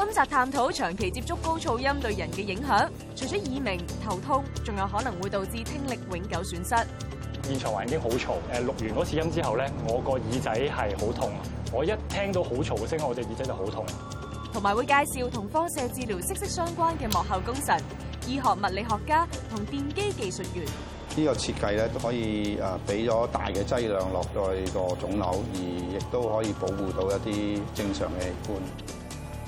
今集探討長期接觸高噪音對人嘅影響，除咗耳鳴、頭痛，仲有可能會導致聽力永久損失。現場環境好嘈，誒，錄完嗰次音之後咧，我個耳仔係好痛，我一聽到好嘈嘅聲，我隻耳仔就好痛。同埋會介紹同放射治療息息相關嘅幕後功臣——醫學物理學家同電機技術員。這個設計呢個設計咧，都可以誒俾咗大嘅劑量落在個腫瘤，而亦都可以保護到一啲正常嘅器官。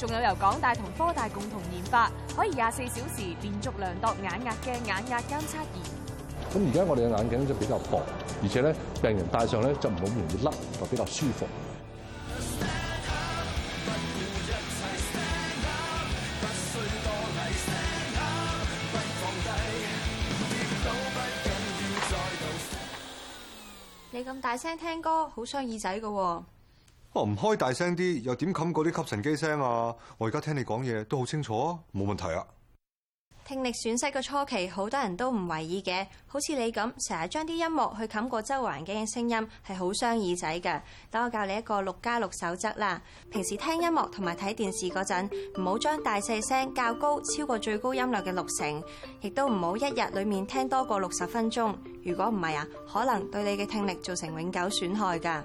仲有由港大同科大共同研發，可以廿四小時連續量度眼壓嘅眼壓監測儀。咁而家我哋嘅眼鏡就比較薄，而且咧病人，戴上咧就唔好容易甩，就比較舒服。你咁大聲聽歌，好傷耳仔㗎。我唔、哦、開大聲啲，又點冚過啲吸塵機聲啊！我而家聽你講嘢都好清楚啊，冇問題啊。聽力損失嘅初期，好多人都唔為意嘅，好似你咁成日將啲音樂去冚過周圍環境嘅聲音，係好傷耳仔噶。等我教你一個六加六守則啦。平時聽音樂同埋睇電視嗰陣，唔好將大細聲較高超過最高音量嘅六成，亦都唔好一日裏面聽多過六十分鐘。如果唔係啊，可能對你嘅聽力造成永久損害噶。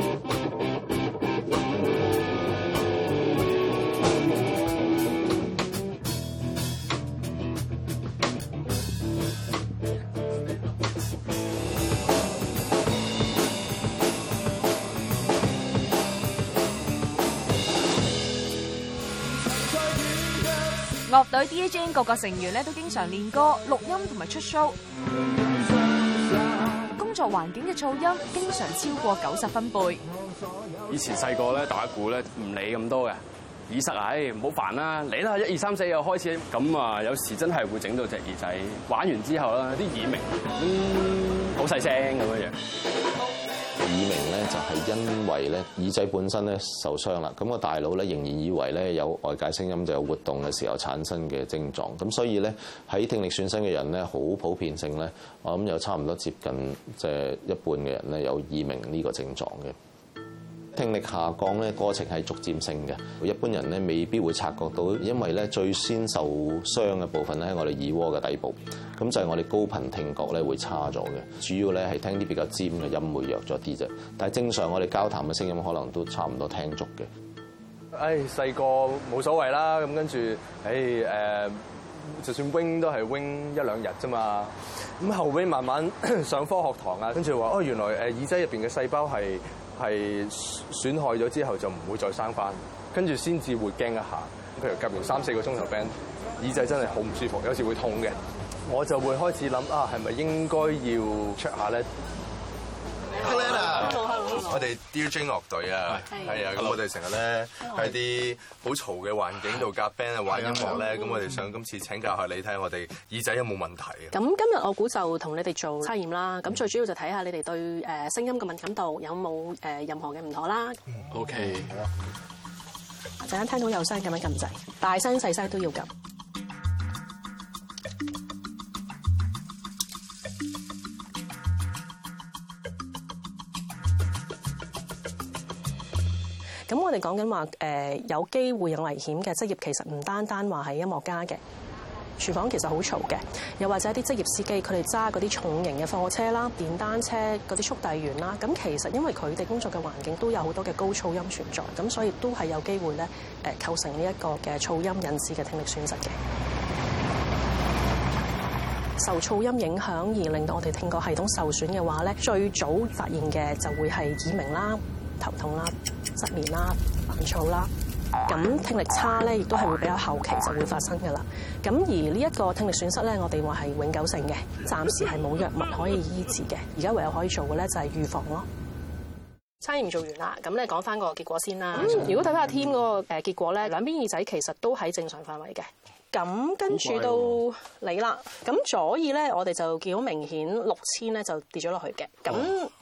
樂隊 Dear Jane 各個成員咧都經常練歌、錄音同埋出 show，工作環境嘅噪音經常超過九十分貝。以前細個咧打鼓咧唔理咁多嘅耳塞啊，唉唔好煩啦，嚟啦一二三四又開始，咁啊有時真係會整到隻耳仔。玩完之後啦，啲耳鳴，嗯，好細聲咁樣樣。耳鳴咧就係因為咧耳仔本身咧受傷啦，咁個大腦咧仍然以為咧有外界聲音就有活動嘅時候產生嘅症狀，咁所以咧喺聽力損失嘅人咧好普遍性咧，我諗有差唔多接近即係一半嘅人咧有耳鳴呢個症狀嘅。聽力下降咧，過程係逐漸性嘅。一般人咧未必會察覺到，因為咧最先受傷嘅部分咧喺我哋耳窩嘅底部。咁就係我哋高頻聽覺咧會差咗嘅，主要咧係聽啲比較尖嘅音會弱咗啲啫。但係正常我哋交談嘅聲音可能都差唔多聽足嘅。誒細個冇所謂啦，咁跟住誒誒，就算 wing 都係 wing 一兩日啫嘛。咁後尾慢慢上科學堂啊，跟住話哦，原來誒耳仔入邊嘅細胞係。係損害咗之後就唔會再生返，跟住先至會驚一下。譬如夾完三四個鐘頭 band，耳仔真係好唔舒服，有時會痛嘅，我就會開始諗啊，係咪應該要 check 下咧？Hello. 我哋 Dear Jane 樂隊 Hi. 啊，係啊，咁我哋成日咧喺啲好嘈嘅環境度夾 band 啊，玩音樂咧，咁我哋想今次請教下你，睇下我哋耳仔有冇問題啊？咁、嗯嗯嗯、今日我估就同你哋做測驗啦，咁最主要就睇下你哋對誒聲音嘅敏感度有冇誒、呃、任何嘅唔妥啦。OK，好啊。陣間聽到有聲，咁樣撳掣，大聲細聲都要撳。咁我哋講緊話，誒、呃、有機會有危險嘅職業，其實唔單單話係音樂家嘅，廚房，其實好嘈嘅，又或者一啲職業司機，佢哋揸嗰啲重型嘅貨車啦、電單車嗰啲速遞員啦。咁其實因為佢哋工作嘅環境都有好多嘅高噪音存在，咁所以都係有機會咧誒、呃、構成呢一個嘅噪音引致嘅聽力損失嘅。受噪音影響而令到我哋聽覺系統受損嘅話咧，最早發現嘅就會係耳鳴啦、頭痛啦。失眠啦，煩躁啦，咁聽力差咧，亦都係會比較後期就會發生噶啦。咁而呢一個聽力損失咧，我哋話係永久性嘅，暫時係冇藥物可以醫治嘅。而家唯有可以做嘅咧，就係預防咯。差驗做完啦，咁咧講翻個結果先啦，嗯。如果睇翻阿 Tim 嗰個誒結果咧，兩邊耳仔其實都喺正常範圍嘅。咁跟住到你啦，咁、啊、左耳咧，我哋就見到明顯六千咧就跌咗落去嘅。咁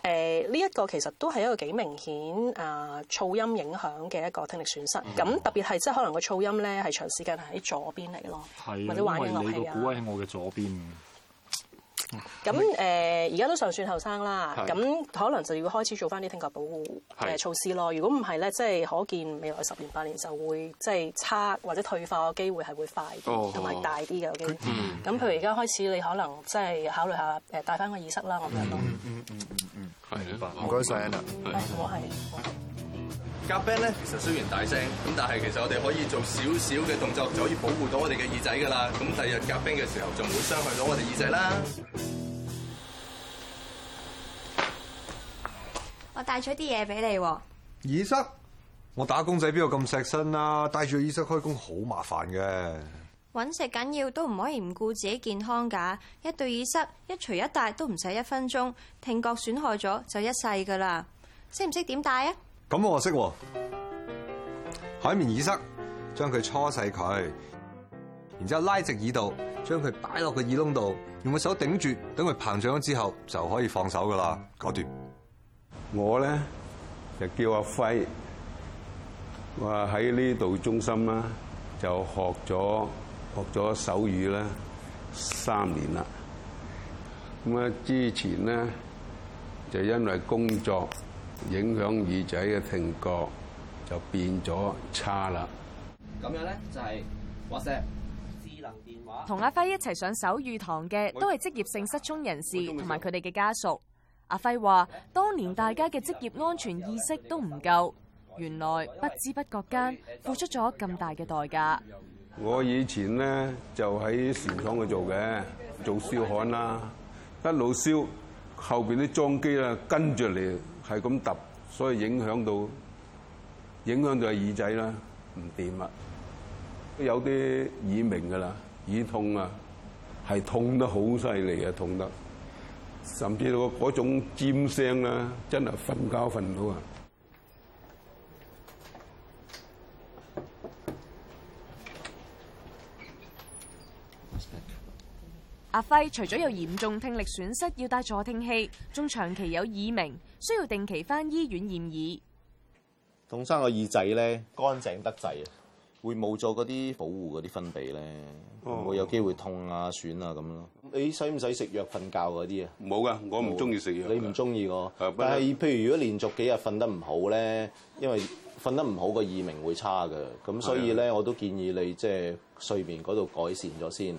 誒呢一個其實都係一個幾明顯啊噪音影響嘅一個聽力損失。咁、嗯、特別係即係可能個噪音咧係長時間喺左邊嚟咯，的或者玩音樂啊。係啊，鼓喺我嘅左邊。咁誒，而家、呃、都尚算後生啦，咁可能就要開始做翻啲聽覺保護嘅措施咯。如果唔係咧，即係可見未來十年八年就會即係差或者退化嘅機會係會快啲同埋大啲嘅。咁、嗯、譬如而家開始，你可能即係考慮下誒帶翻個耳塞啦。咁樣咯。嗯嗯嗯嗯，係、嗯。唔該晒。我係。夾冰咧，其實雖然大聲咁，但係其實我哋可以做少少嘅動作就可以保護到我哋嘅耳仔㗎喇。咁第日夾冰嘅時候就唔會傷害到我哋耳仔啦。我帶咗啲嘢俾你喎，耳塞。我打工仔邊度咁錫身啊？帶住耳塞開工好麻煩嘅，揾食緊要，都唔可以唔顧自己健康㗎。一對耳塞一除一帶都唔使一分鐘，聽覺損害咗就一世㗎啦。識唔識點帶啊？咁我識喎，海綿耳塞，將佢搓細佢，然之後拉直耳道，將佢擺落個耳窿度，用個手頂住，等佢膨脹咗之後就可以放手噶啦。嗰段我咧就叫阿輝，話喺呢度中心啦，就學咗學咗手語啦三年啦。咁啊之前咧就因為工作，影響耳仔嘅聽覺，就變咗差啦。咁樣咧就係話石智能電話同阿輝一齊上手語堂嘅都係職業性失聰人士同埋佢哋嘅家屬。阿輝話，當年大家嘅職業安全意識都唔夠，原來不知不覺間付出咗咁大嘅代價。我以前咧就喺船廠度做嘅，做燒焊啦，一路燒後邊啲裝機啦，跟住嚟。係咁揼，所以影響到，影響到耳仔啦，唔掂啦，有啲耳鳴噶啦，耳痛啊，係痛得好犀利啊，痛得，甚至到嗰種尖聲啊，真係瞓覺瞓到啊！阿輝除咗有嚴重聽力損失，要帶助聽器，仲長期有耳鳴，需要定期翻醫院驗耳。同生個耳仔咧，乾淨得滯啊！會冇咗嗰啲保護嗰啲分泌咧，會唔會有機會痛啊、損啊咁咯。你使唔使食藥瞓覺嗰啲啊？冇噶、哦，我唔中意食藥。你唔中意我。的但係，譬如如果連續幾日瞓得唔好咧，因為瞓得唔好個耳鳴會差噶，咁所以咧，的我都建議你即係、就是、睡眠嗰度改善咗先。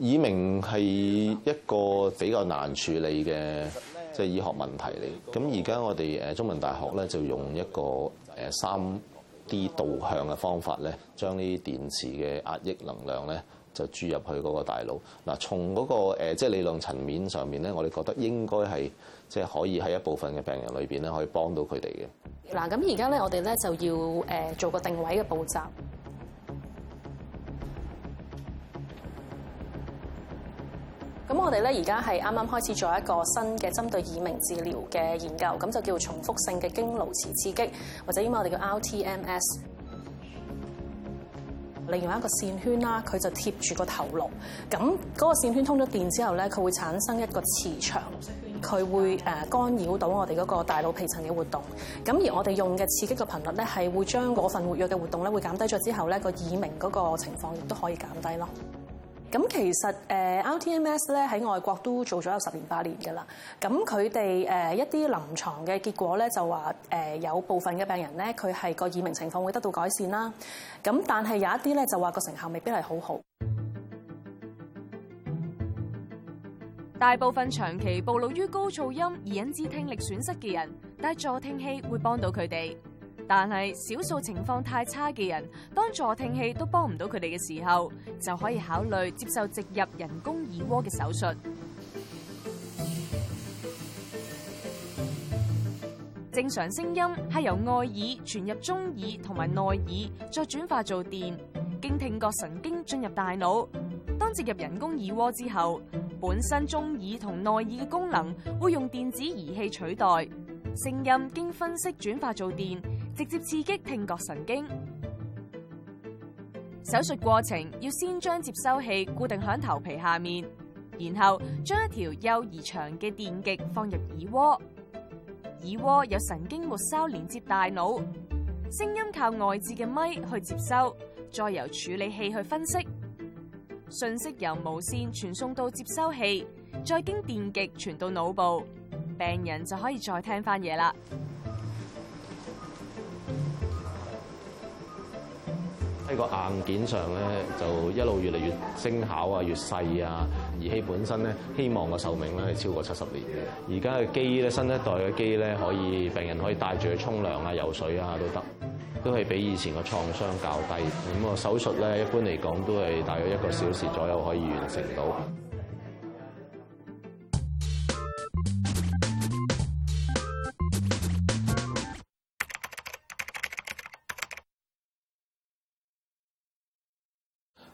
耳鳴係一個比較難處理嘅即係醫學問題嚟。咁而家我哋誒中文大學咧就用一個誒三 D 導向嘅方法咧，將呢啲電池嘅壓抑能量咧就注入去嗰個大腦。嗱，從嗰個誒即係理論層面上面咧，我哋覺得應該係即係可以喺一部分嘅病人裏邊咧，可以幫到佢哋嘅。嗱，咁而家咧我哋咧就要誒做個定位嘅步驟。我哋咧而家係啱啱開始做一個新嘅針對耳鳴治療嘅研究，咁就叫做重複性嘅經顱磁刺激，或者英文我哋叫 rTMS。另外一個線圈啦，佢就貼住個頭顱，咁嗰個線圈通咗電之後咧，佢會產生一個磁場，佢會誒干擾到我哋嗰個大腦皮層嘅活動。咁而我哋用嘅刺激嘅頻率咧，係會將嗰份活躍嘅活動咧，會減低咗之後咧，個耳鳴嗰個情況亦都可以減低咯。咁其實誒 rTMS 咧喺外國都做咗有十年八年嘅啦，咁佢哋誒一啲臨床嘅結果咧，就話誒有部分嘅病人咧，佢係個耳鳴情況會得到改善啦，咁但係有一啲咧就話個成效未必係好好。大部分長期暴露於高噪音而引致聽力損失嘅人，戴助聽器會幫到佢哋。但係，少數情況太差嘅人，當助聽器都幫唔到佢哋嘅時候，就可以考慮接受植入人工耳蝸嘅手術。正常聲音係由外耳傳入中耳同埋內耳,耳，再轉化做電，經聽覺神經進入大腦。當植入人工耳蝸之後，本身中耳同內耳嘅功能會用電子儀器取代，聲音經分析轉化做電。直接刺激聽覺神經。手術過程要先將接收器固定喺頭皮下面，然後將一條幼而長嘅電極放入耳蝸。耳蝸有神經末梢連接大腦，聲音靠外置嘅咪去接收，再由處理器去分析，信息由無綫傳送到接收器，再經電極傳到腦部，病人就可以再聽翻嘢啦。呢個硬件上咧，就一路越嚟越精巧啊，越細啊。儀器本身咧，希望個壽命咧係超過七十年嘅。而家嘅機咧，新一代嘅機咧，可以病人可以帶住去沖涼啊、游水啊都得，都係比以前個創傷較低。咁個手術咧，一般嚟講都係大約一個小時左右可以完成到。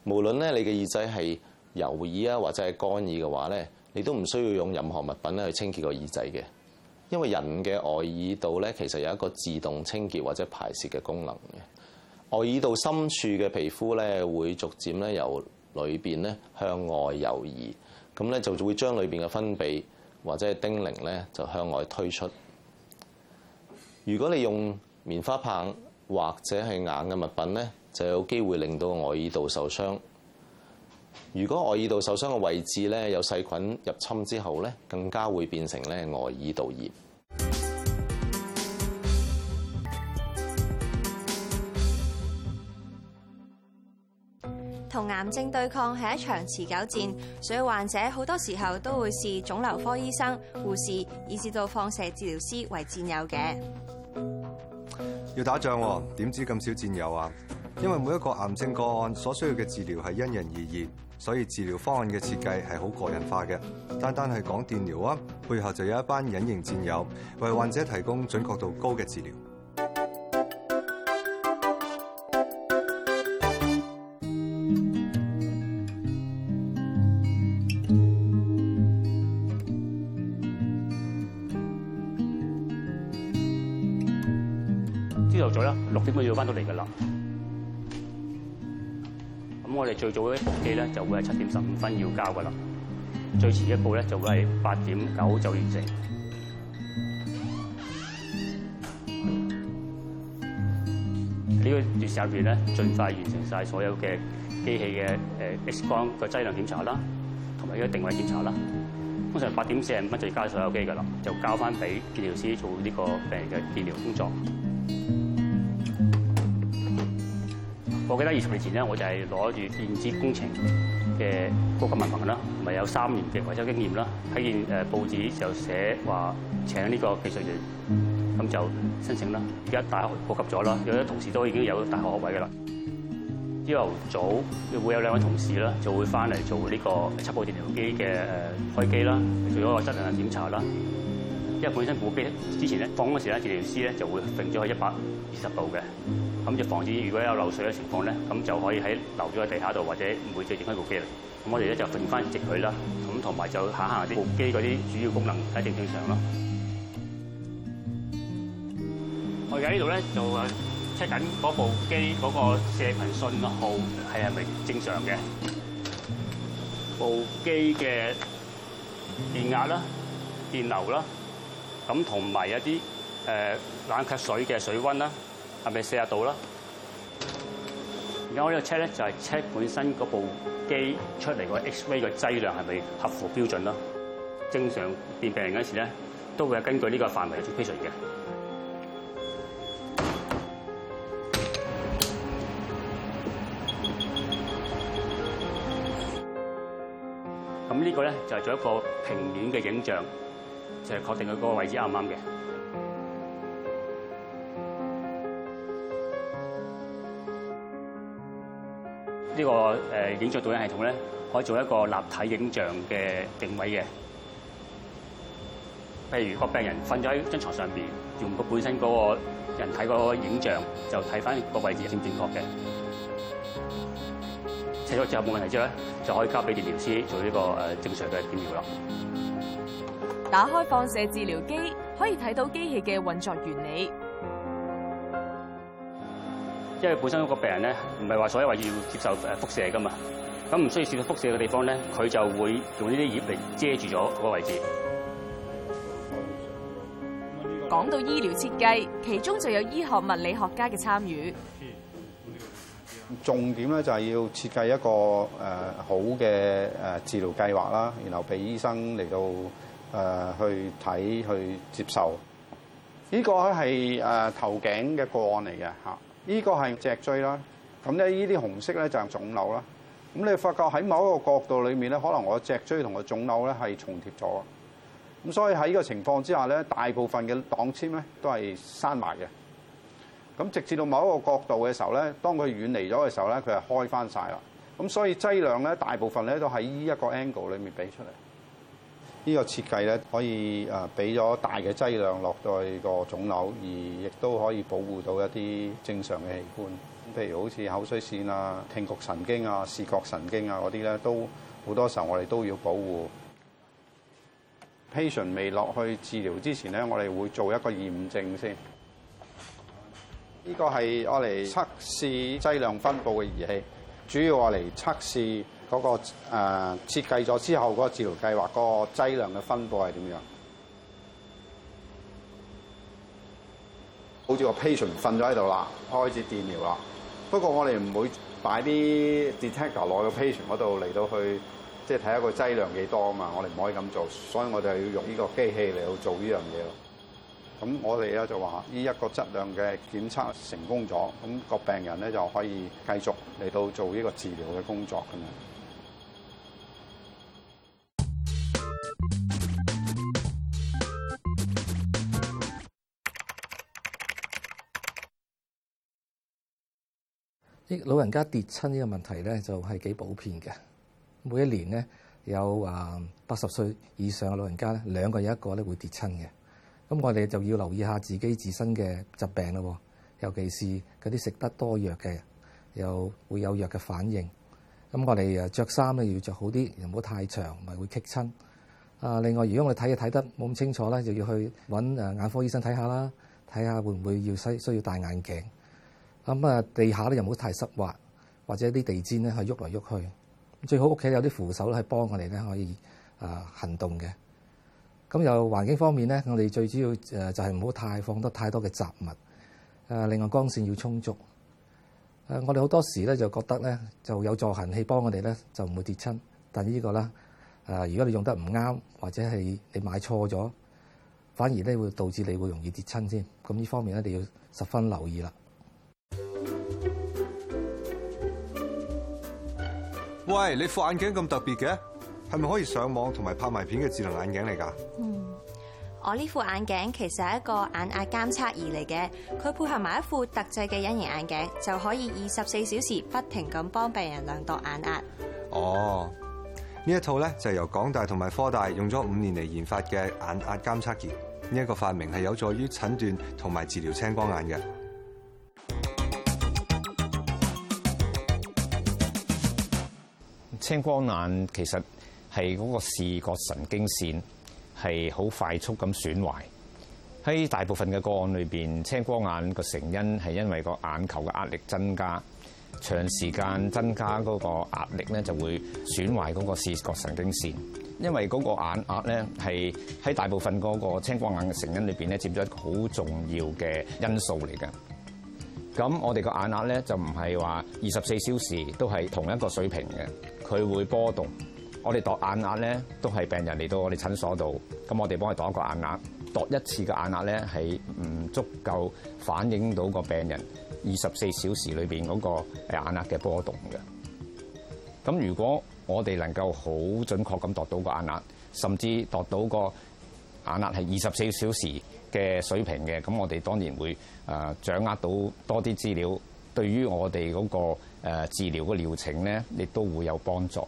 無論咧你嘅耳仔係油耳啊，或者係乾耳嘅話咧，你都唔需要用任何物品咧去清潔個耳仔嘅，因為人嘅外耳道咧其實有一個自動清潔或者排泄嘅功能嘅。外耳道深處嘅皮膚咧會逐漸咧由裏邊咧向外遊移，咁咧就會將裏邊嘅分泌或者係耵聹咧就向外推出。如果你用棉花棒或者係硬嘅物品咧，就有機會令到外耳道受傷。如果外耳道受傷嘅位置咧有細菌入侵之後咧，更加會變成咧外耳道炎。同癌症對抗係一場持久戰，所以患者好多時候都會視腫瘤科醫生、護士，以至到放射治療師為戰友嘅。要打仗喎、啊，點知咁少戰友啊？因為每一個癌症個案所需要嘅治療係因人而異，所以治療方案嘅設計係好個人化嘅。單單係講電療啊，背後就有一班隱形戰友為患者提供準確度高嘅治療。朝頭早啦，六點就要翻到嚟噶啦。我哋最早的一部機咧，就會係七點十五分要交噶啦。最遲一部咧，就會係八點九就完成。 這個呢個月入邊咧，盡快完成晒所有嘅機器嘅誒、呃、X 光個劑量檢查啦，同埋呢個定位檢查啦。通常八點四十五分就要交所有機噶啦，就交翻俾治療師做呢個病人嘅治療工作。我記得二十年前咧，我就係攞住電子工程嘅高級文憑啦，咪有三年嘅維修經驗啦。睇見誒報紙就寫話請呢個技術員，咁就申請啦。而家大學普及咗啦，有啲同事都已經有大學學位噶啦。朝頭早會有兩位同事啦，就會翻嚟做呢個七部電腦機嘅誒開機啦，做咗個質量嘅檢查啦。因為本身部機之前咧放嗰時咧，治療師咧就會揈咗去一百二十度嘅，咁就防止如果有漏水嘅情況咧，咁就可以喺漏咗喺地下度或者唔會再整翻部機嚟。咁我哋咧就揈翻直佢啦，咁同埋就下下啲部機嗰啲主要功能係正唔正常咯。我而家呢度咧就 check 緊嗰部機嗰個射頻信號係係咪正常嘅，部機嘅電壓啦、電流啦。咁同埋有啲誒冷卻水嘅水溫啦，係咪四十度啦？而家我呢個 check 咧就係 check 本身部機出嚟個 X ray 嘅劑量係咪合乎標準啦？正常變病人陣時咧都會係根據呢個範圍嚟做 patient 嘅。咁呢個咧就係做一個平面嘅影像。就係確定佢嗰個位置啱唔啱嘅。呢個誒影像導引系統咧，可以做一個立體影像嘅定位嘅。譬如個病人瞓咗喺張床上邊，用佢本身嗰個人體嗰個影像，就睇翻個位置正唔正確嘅。尺咗之後冇問題之後咧，就可以交俾電療師做呢個誒正常嘅治療啦。打開放射治療機，可以睇到機器嘅運作原理。因為本身個病人咧，唔係話所以話要接受誒輻射噶嘛，咁唔需要受到輻射嘅地方咧，佢就會用呢啲葉嚟遮住咗個位置。講到醫療設計，其中就有醫學物理學家嘅參與。重點咧就係要設計一個誒好嘅誒治療計劃啦，然後俾醫生嚟到。誒去睇去接受，呢個咧係誒頭頸嘅個案嚟嘅嚇，呢個係脊椎啦。咁咧呢啲紅色咧就係腫瘤啦。咁你發覺喺某一個角度裏面咧，可能我脊椎同個腫瘤咧係重疊咗。咁所以喺呢個情況之下咧，大部分嘅擋簽咧都係閂埋嘅。咁直至到某一個角度嘅時候咧，當佢遠離咗嘅時候咧，佢係開翻曬啦。咁所以劑量咧，大部分咧都喺呢一個 angle 裏面俾出嚟。呢個設計咧可以誒俾咗大嘅劑量落去個腫瘤，而亦都可以保護到一啲正常嘅器官。譬如好似口水腺啊、聽覺神經啊、視覺神經啊嗰啲咧，都好多時候我哋都要保護。Patient 未落去治療之前咧，我哋會做一個驗證先。呢、呢個係我嚟測試劑量分布嘅儀器，主要我嚟測試。嗰個誒設計咗之後，個治療計劃個劑量嘅分布係點樣？好似個 patient 瞓咗喺度啦，開始電療啦。不過我哋唔會擺啲 detector 落去 patient 嗰度嚟到去即係睇一個劑量幾多啊嘛。我哋唔可以咁做，所以我哋係要用呢個機器嚟到做呢樣嘢咯。咁我哋咧就話呢一個質量嘅檢測成功咗，咁個病人咧就可以繼續嚟到做呢個治療嘅工作。老人家跌親呢個問題咧，就係幾普遍嘅。每一年咧，有話八十歲以上嘅老人家咧，兩個有一個咧會跌親嘅。咁我哋就要留意下自己自身嘅疾病啦。尤其是嗰啲食得多藥嘅，又會有藥嘅反應們穿衣服穿。咁我哋誒著衫咧要着好啲，又唔好太長，咪會棘親。啊，另外如果我哋睇嘢睇得冇咁清楚咧，就要去揾眼科醫生睇下啦，睇下會唔會要需需要戴眼鏡。咁啊，地下咧又唔好太濕滑，或者啲地氈咧係喐嚟喐去。最好屋企有啲扶手咧，係幫我哋咧可以啊行動嘅。咁又環境方面咧，我哋最主要誒就係唔好太放得太多嘅雜物。誒另外光線要充足。誒我哋好多時咧就覺得咧就有助行器幫我哋咧就唔會跌親，但呢個咧誒，如果你用得唔啱，或者係你買錯咗，反而咧會導致你會容易跌親先。咁呢方面咧，你要十分留意啦。喂，你副眼鏡咁特別嘅，係咪可以上網同埋拍賣片嘅智能眼鏡嚟㗎？嗯，我呢副眼鏡其實係一個眼壓監測儀嚟嘅，佢配合埋一副特製嘅隱形眼鏡，就可以二十四小時不停咁幫病人量度眼壓。哦，呢一套咧就係由港大同埋科大用咗五年嚟研發嘅眼壓監測儀，呢一個發明係有助於診斷同埋治療青光眼嘅。青光眼其實係嗰個視覺神經線係好快速咁損壞。喺大部分嘅個案裏邊，青光眼個成因係因為個眼球嘅壓力增加，長時間增加嗰個壓力咧就會損壞嗰個視覺神經線。因為嗰個眼壓咧係喺大部分嗰個青光眼嘅成因裏邊咧，佔咗一個好重要嘅因素嚟嘅。咁我哋個眼壓咧就唔係話二十四小時都係同一個水平嘅。佢會波動，我哋度眼壓咧都係病人嚟到我哋診所度，咁我哋幫佢度一個眼壓，度一次嘅眼壓咧係唔足夠反映到個病人二十四小時裏邊嗰個眼壓嘅波動嘅。咁如果我哋能夠好準確咁度到個眼壓，甚至度到個眼壓係二十四小時嘅水平嘅，咁我哋當然會誒掌握到多啲資料，對於我哋嗰個。誒治療個療程咧，亦都會有幫助。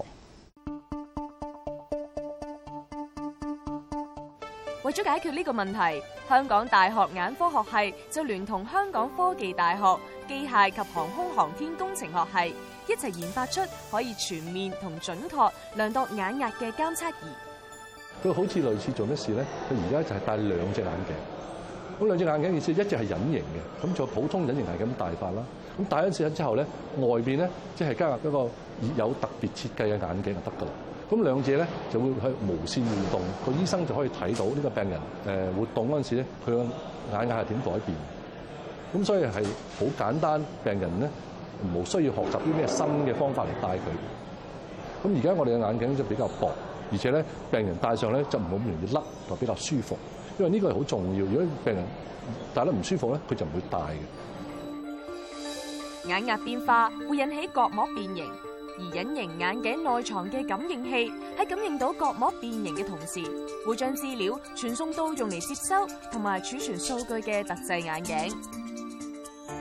為咗解決呢個問題，香港大學眼科學系就聯同香港科技大學機械及航空航天工程學系一齊研發出可以全面同準確量度眼壓嘅監測儀。佢好似類似做咩事咧？佢而家就係戴兩隻眼鏡。咁兩隻眼鏡意思，一隻係隱形嘅，咁就普通隱形係咁戴法啦。咁戴咗一次之後咧，外面咧即係加入一個有特別設計嘅眼鏡就得㗎啦。咁兩者咧就會去無線互動，個醫生就可以睇到呢個病人誒活動嗰陣時咧，佢個眼壓係點改變。咁所以係好簡單，病人咧無需要學習啲咩新嘅方法嚟戴佢。咁而家我哋嘅眼鏡就比較薄，而且咧病人戴上咧就唔好咁容易甩，又比較舒服。因為呢個係好重要，如果病人戴得唔舒服咧，佢就唔會戴嘅。眼壓變化會引起角膜變形，而隱形眼鏡內藏嘅感應器喺感應到角膜變形嘅同時，會將資料傳送到用嚟接收同埋儲存數據嘅特製眼鏡。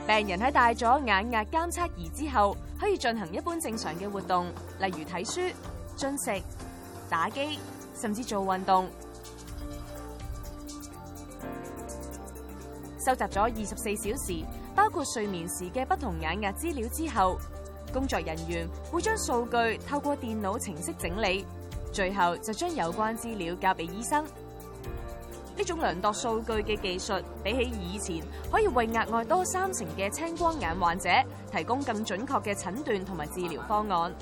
病人喺戴咗眼壓監測儀之後，可以進行一般正常嘅活動，例如睇書、進食、打機，甚至做運動。收集咗二十四小時，包括睡眠時嘅不同眼壓資料之後，工作人員會將數據透過電腦程式整理，最後就將有關資料交畀醫生。呢種量度數據嘅技術，比起以前，可以為額外多三成嘅青光眼患者提供更準確嘅診斷同埋治療方案。